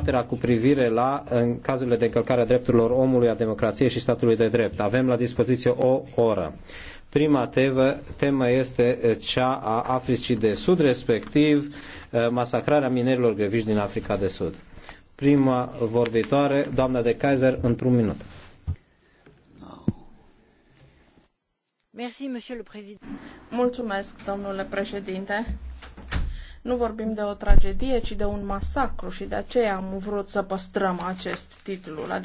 dezbaterea cu privire la în cazurile de încălcare a drepturilor omului, a democrației și statului de drept. Avem la dispoziție o oră. Prima tevă, temă este eh, cea a Africii de Sud, respectiv eh, masacrarea minerilor greviși din Africa de Sud. Prima vorbitoare, doamna de Kaiser, într-un minut. Mulțumesc, domnule președinte nu vorbim de o tragedie, ci de un masacru și de aceea am vrut să păstrăm acest titlu la